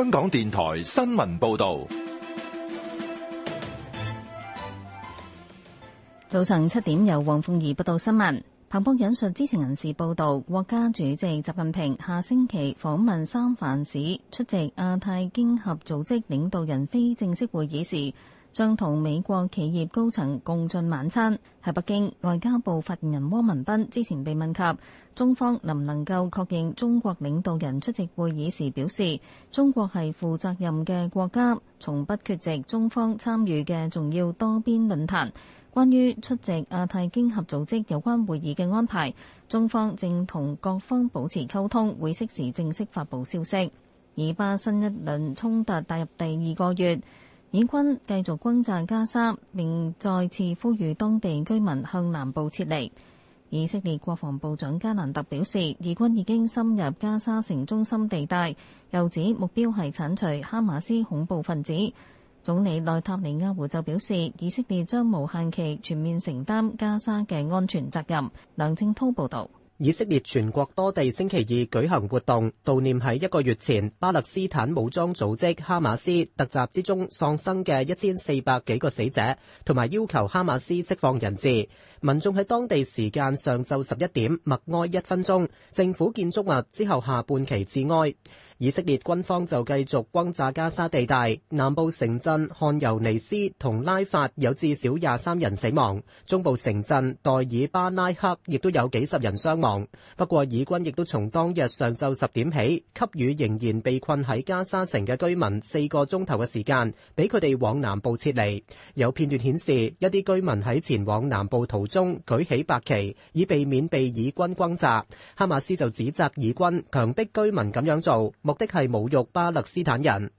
香港電台新聞報道，早晨七點由黃鳳儀報道新聞。彭博引述知情人士報道，國家主席習近平下星期訪問三藩市，出席亞太經合組織領導人非正式會議時，將同美國企業高層共進晚餐。喺北京，外交部發言人汪文斌之前被問及中方能唔能夠確認中國領導人出席會議時，表示中國係負責任嘅國家，從不缺席中方參與嘅重要多邊論壇。關於出席亞太經合組織有關會議嘅安排，中方正同各方保持溝通，會適時正式發布消息。以巴新一輪衝突踏入第二個月。以軍繼續轟炸加沙，並再次呼籲當地居民向南部撤離。以色列國防部長加蘭特表示，以軍已經深入加沙城中心地帶，又指目標係剷除哈馬斯恐怖分子。總理內塔尼亞胡就表示，以色列將無限期全面承擔加沙嘅安全責任。梁正滔報導。以色列全國多地星期二舉行活動，悼念喺一個月前巴勒斯坦武裝組織哈馬斯突襲之中喪生嘅一千四百幾個死者，同埋要求哈馬斯釋放人質。民眾喺當地時間上晝十一點默哀一分鐘，政府建築物之後下半旗致哀。以色列軍方就繼續轟炸加沙地帶，南部城鎮汗尤尼斯同拉法有至少廿三人死亡，中部城鎮代爾巴拉克亦都有幾十人傷亡。不過，以軍亦都從當日上晝十點起，給予仍然被困喺加沙城嘅居民四個鐘頭嘅時間，俾佢哋往南部撤離。有片段顯示，一啲居民喺前往南部途中舉起白旗，以避免被以軍轟炸。哈馬斯就指責以軍強迫居民咁樣做。目的係侮辱巴勒斯坦人。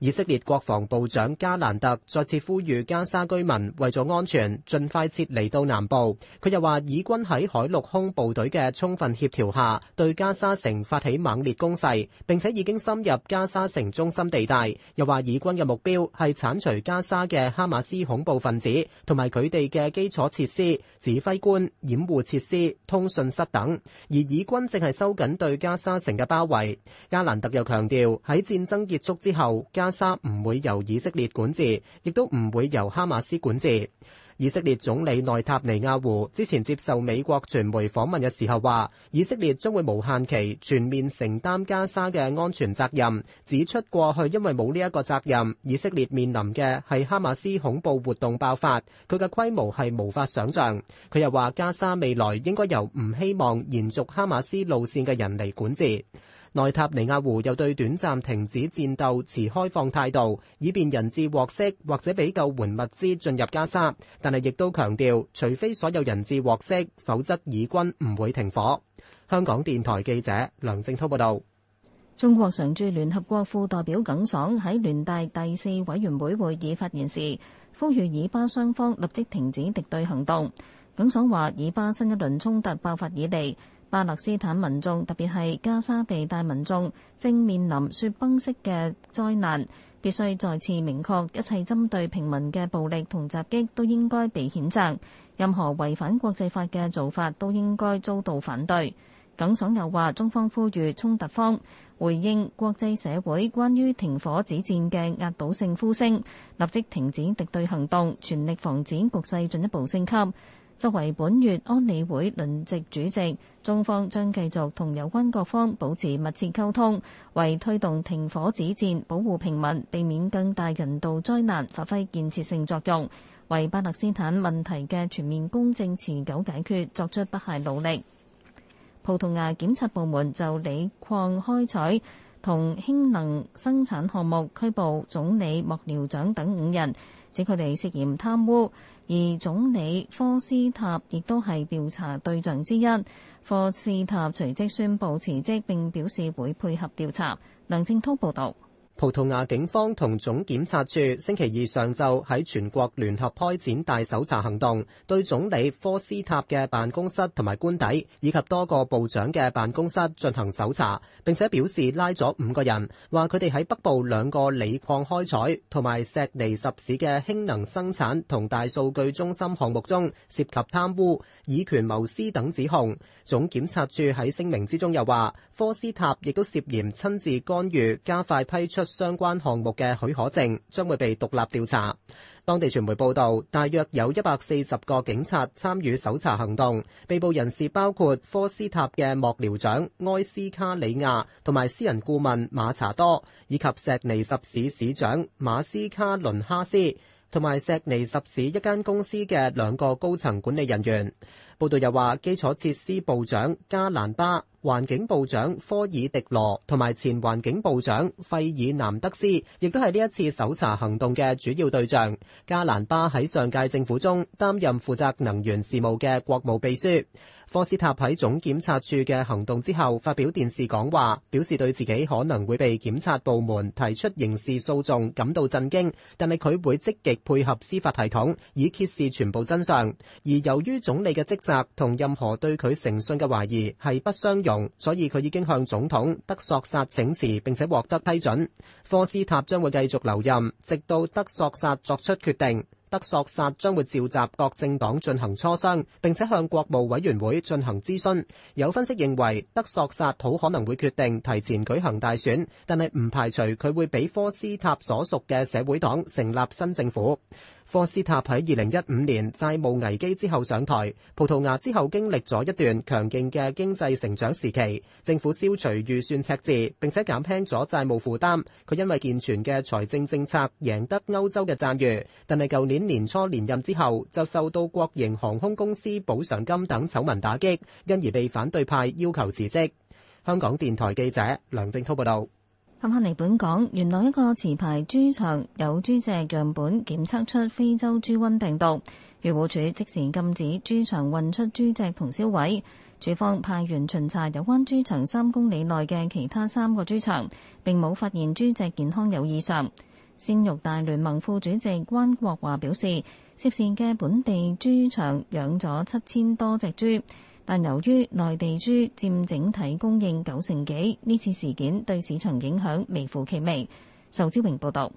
以色列國防部長加蘭特再次呼籲加沙居民為咗安全，盡快撤離到南部。佢又話，以軍喺海陸空部隊嘅充分協調下，對加沙城發起猛烈攻勢，並且已經深入加沙城中心地帶。又話，以軍嘅目標係鏟除加沙嘅哈馬斯恐怖分子同埋佢哋嘅基礎設施、指揮官掩護設施、通訊室等。而以軍正係收緊對加沙城嘅包圍。加蘭特又強調，喺戰爭結束之後，加加沙唔會由以色列管治，亦都唔會由哈馬斯管治。以色列總理內塔尼亞胡之前接受美國傳媒訪問嘅時候話，以色列將會無限期全面承擔加沙嘅安全責任。指出過去因為冇呢一個責任，以色列面臨嘅係哈馬斯恐怖活動爆發，佢嘅規模係無法想象。佢又話，加沙未來應該由唔希望延續哈馬斯路線嘅人嚟管治。內塔尼亞胡又對短暫停止戰鬥持開放態度，以便人質獲釋或者俾救援物資進入加沙，但係亦都強調，除非所有人質獲釋，否則以軍唔會停火。香港電台記者梁正滔報道，中國常駐聯合國副代表耿爽喺聯大第四委員會會議發言時，呼籲以巴雙方立即停止敵對行動。耿爽話：以巴新一輪衝突爆發以嚟。巴勒斯坦民眾，特別係加沙地帶民眾，正面臨雪崩式嘅災難，必須再次明確，一切針對平民嘅暴力同襲擊都應該被譴責，任何違反國際法嘅做法都應該遭到反對。耿爽又話：中方呼籲衝突方回應國際社會關於停火止戰嘅壓倒性呼聲，立即停止敵對行動，全力防止局勢進一步升級。作為本月安理會輪值主席，中方將繼續同有關各方保持密切溝通，為推動停火止戰、保護平民、避免更大人道災難發揮建設性作用，為巴勒斯坦問題嘅全面公正持久解決作出不懈努力。葡萄牙檢察部門就鋰礦開採同氫能生產項目拘捕總理幕僚長等五人。指佢哋涉嫌貪污，而總理科斯塔亦都係調查對象之一。科斯塔隨即宣布辭職，並表示會配合調查。梁正濤報道。葡萄牙警方同總檢察處星期二上晝喺全國聯合開展大搜查行動，對總理科斯塔嘅辦公室同埋官邸，以及多個部長嘅辦公室進行搜查，並且表示拉咗五個人，話佢哋喺北部兩個鋰礦開採同埋錫尼什市嘅氫能生產同大數據中心項目中涉及貪污、以權謀私等指控。總檢察處喺聲明之中又話，科斯塔亦都涉嫌親自干預加快批出。相關項目嘅許可證將會被獨立調查。當地傳媒報道，大約有一百四十個警察參與搜查行動。被捕人士包括科斯塔嘅幕僚長埃斯卡里亞，同埋私人顧問馬查多，以及石尼什市市長馬斯卡倫哈斯，同埋石尼什市一間公司嘅兩個高層管理人員。報道又話，基礎設施部長加蘭巴、環境部長科爾迪羅同埋前環境部長費爾南德斯，亦都係呢一次搜查行動嘅主要對象。加蘭巴喺上屆政府中擔任負責能源事務嘅國務秘書。科斯塔喺總檢察處嘅行動之後發表電視講話，表示對自己可能會被檢察部門提出刑事訴訟感到震驚，但係佢會積極配合司法系統，以揭示全部真相。而由於總理嘅職責，同任何對佢誠信嘅懷疑係不相容，所以佢已經向總統德索薩請辭，並且獲得批准。科斯塔將會繼續留任，直到德索薩作出決定。德索薩將會召集各政黨進行磋商，並且向國務委員會進行諮詢。有分析認為，德索薩好可能會決定提前舉行大選，但係唔排除佢會俾科斯塔所屬嘅社會黨成立新政府。科斯塔喺二零一五年債務危機之後上台，葡萄牙之後經歷咗一段強勁嘅經濟成長時期，政府消除預算赤字並且減輕咗債務負擔。佢因為健全嘅財政政策贏得歐洲嘅讚譽，但係舊年年初連任之後就受到國營航空公司補償金等醜聞打擊，因而被反對派要求辭職。香港電台記者梁正滔報道。坎克尼本港，原來一個持牌豬場有豬隻樣本檢測出非洲豬瘟病毒，漁護署即時禁止豬場運出豬隻同銷毀。處方派員巡查有關豬場三公里內嘅其他三個豬場，並冇發現豬隻健康有異常。鮮肉大聯盟副主席關國華表示，涉事嘅本地豬場養咗七千多隻豬。但由於內地豬佔整體供應九成幾，呢次事件對市場影響微乎其微。仇志榮報道。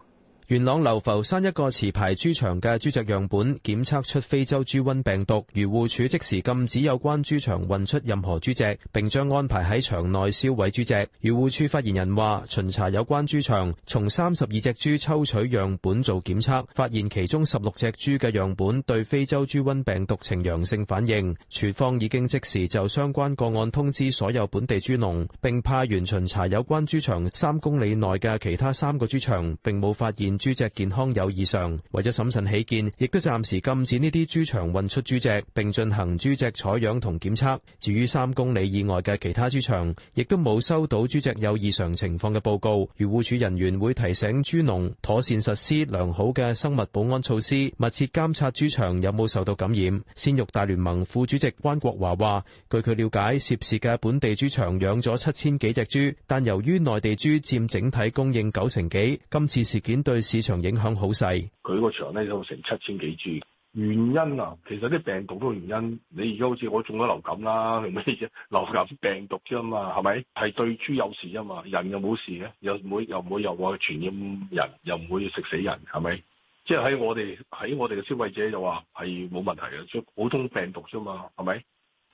元朗流浮山一個持牌豬場嘅豬隻樣本檢測出非洲豬瘟病毒，漁護署即時禁止有關豬場運出任何豬隻，並將安排喺場內銷毀豬隻。漁護署發言人話：巡查有關豬場，從三十二隻豬抽取樣本做檢測，發現其中十六隻豬嘅樣本對非洲豬瘟病毒呈陽性反應。署方已經即時就相關個案通知所有本地豬農，並派員巡查有關豬場三公里內嘅其他三個豬場，並冇發現豬隻健康有異常，為咗審慎起見，亦都暫時禁止呢啲豬場運出豬隻，並進行豬隻採樣同檢測。至於三公里以外嘅其他豬場，亦都冇收到豬隻有異常情況嘅報告。漁護署人員會提醒豬農妥善實施良好嘅生物保安措施，密切監察豬場有冇受到感染。鮮肉大聯盟副主席關國華話，據佢了解，涉事嘅本地豬場養咗七千幾隻豬，但由於內地豬占整體供應九成幾，今次事件對市場影響好細，佢個場咧有成七千幾豬。原因啊，其實啲病毒都原因。你而家好似我中咗流感啦，係咩啫？流感病毒啫嘛，係咪？係對豬有事啊嘛，人又冇事嘅，又唔會又唔會又話傳染人，又唔會食死人，係咪？即係喺我哋喺我哋嘅消費者就話係冇問題嘅，即普通病毒啫嘛，係咪？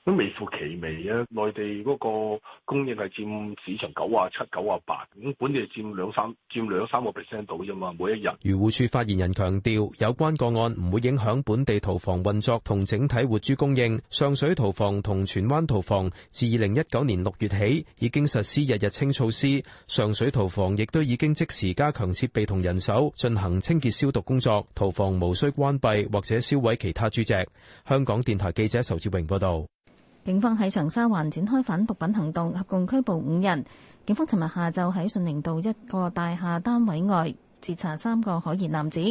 都微乎其微啊！內地嗰個供應係佔市場九啊七、九啊八，咁本地佔兩三佔兩三個 percent 到啫嘛。每一日漁護署發言人強調，有關個案唔會影響本地屠房運作同整體活豬供應。上水屠房同荃灣屠房自二零一九年六月起已經實施日日清措施，上水屠房亦都已經即時加強設備同人手進行清潔消毒工作。屠房無需關閉或者銷毀其他豬隻。香港電台記者仇志榮報道。警方喺長沙灣展開反毒品行動，合共拘捕五人。警方尋日下晝喺順寧道一個大廈單位外截查三個可疑男子，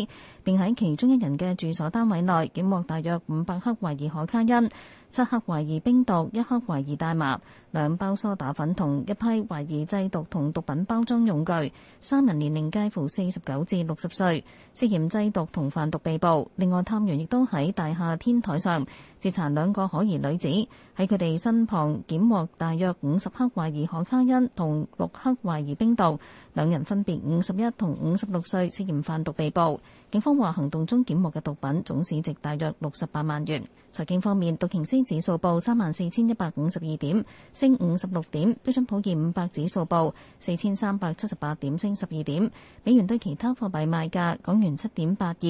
並喺其中一人嘅住所單位內檢獲大約五百克懷疑可卡因。七克懷疑冰毒，一克懷疑大麻，兩包梳打粉同一批懷疑製毒同毒品包裝用具。三人年齡介乎四十九至六十歲，涉嫌製毒同販毒被捕。另外，探員亦都喺大廈天台上截查兩個可疑女子，喺佢哋身旁檢獲大約五十克懷疑可卡因同六克懷疑冰毒，兩人分別五十一同五十六歲，涉嫌販毒被捕。警方話行動中檢獲嘅毒品總市值大約六十八萬元。財經方面，道瓊斯指數報三萬四千一百五十二點，升五十六點；標準普爾五百指數報四千三百七十八點，升十二點。美元對其他貨幣賣價：港元七點八二，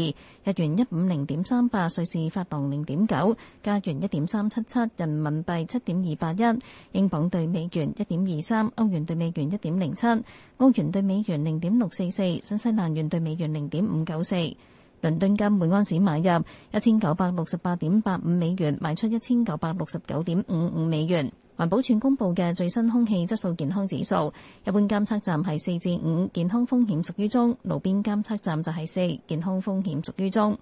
日元一五零點三八，瑞士法郎零點九，加元一點三七七，人民幣七點二八一，英鎊對美元一點二三，歐元對美元一點零七。歐元兌美元零點六四四，新西蘭元兌美元零點五九四。倫敦金每盎司買入一千九百六十八點八五美元，賣出一千九百六十九點五五美元。環保署公布嘅最新空氣質素健康指數，一般監測站係四至五，健康風險屬於中；路邊監測站就係四，健康風險屬於中。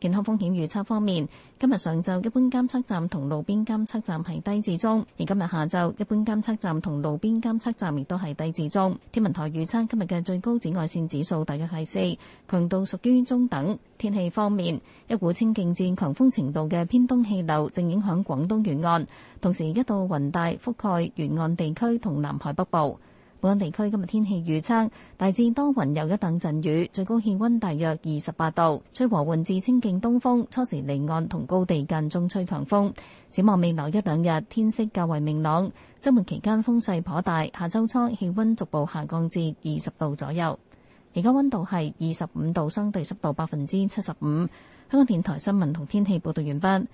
健康風險預測方面，今日上晝一般監測站同路邊監測站係低至中，而今日下晝一般監測站同路邊監測站亦都係低至中。天文台預測今日嘅最高紫外線指數大約係四，強度屬於中等。天氣方面，一股清勁至強風程度嘅偏東氣流正影響廣東沿岸，同時一道雲帶覆蓋沿岸地區同南海北部。本港地區今日天氣預測大致多雲，有一等陣雨，最高氣溫大約二十八度，吹和緩至清勁東風，初時離岸同高地間中吹強風。展望未來一兩日天色較為明朗，週末期間風勢頗大，下週初氣溫逐步下降至二十度左右。而家溫度係二十五度，相對濕度百分之七十五。香港電台新聞同天氣報道完畢。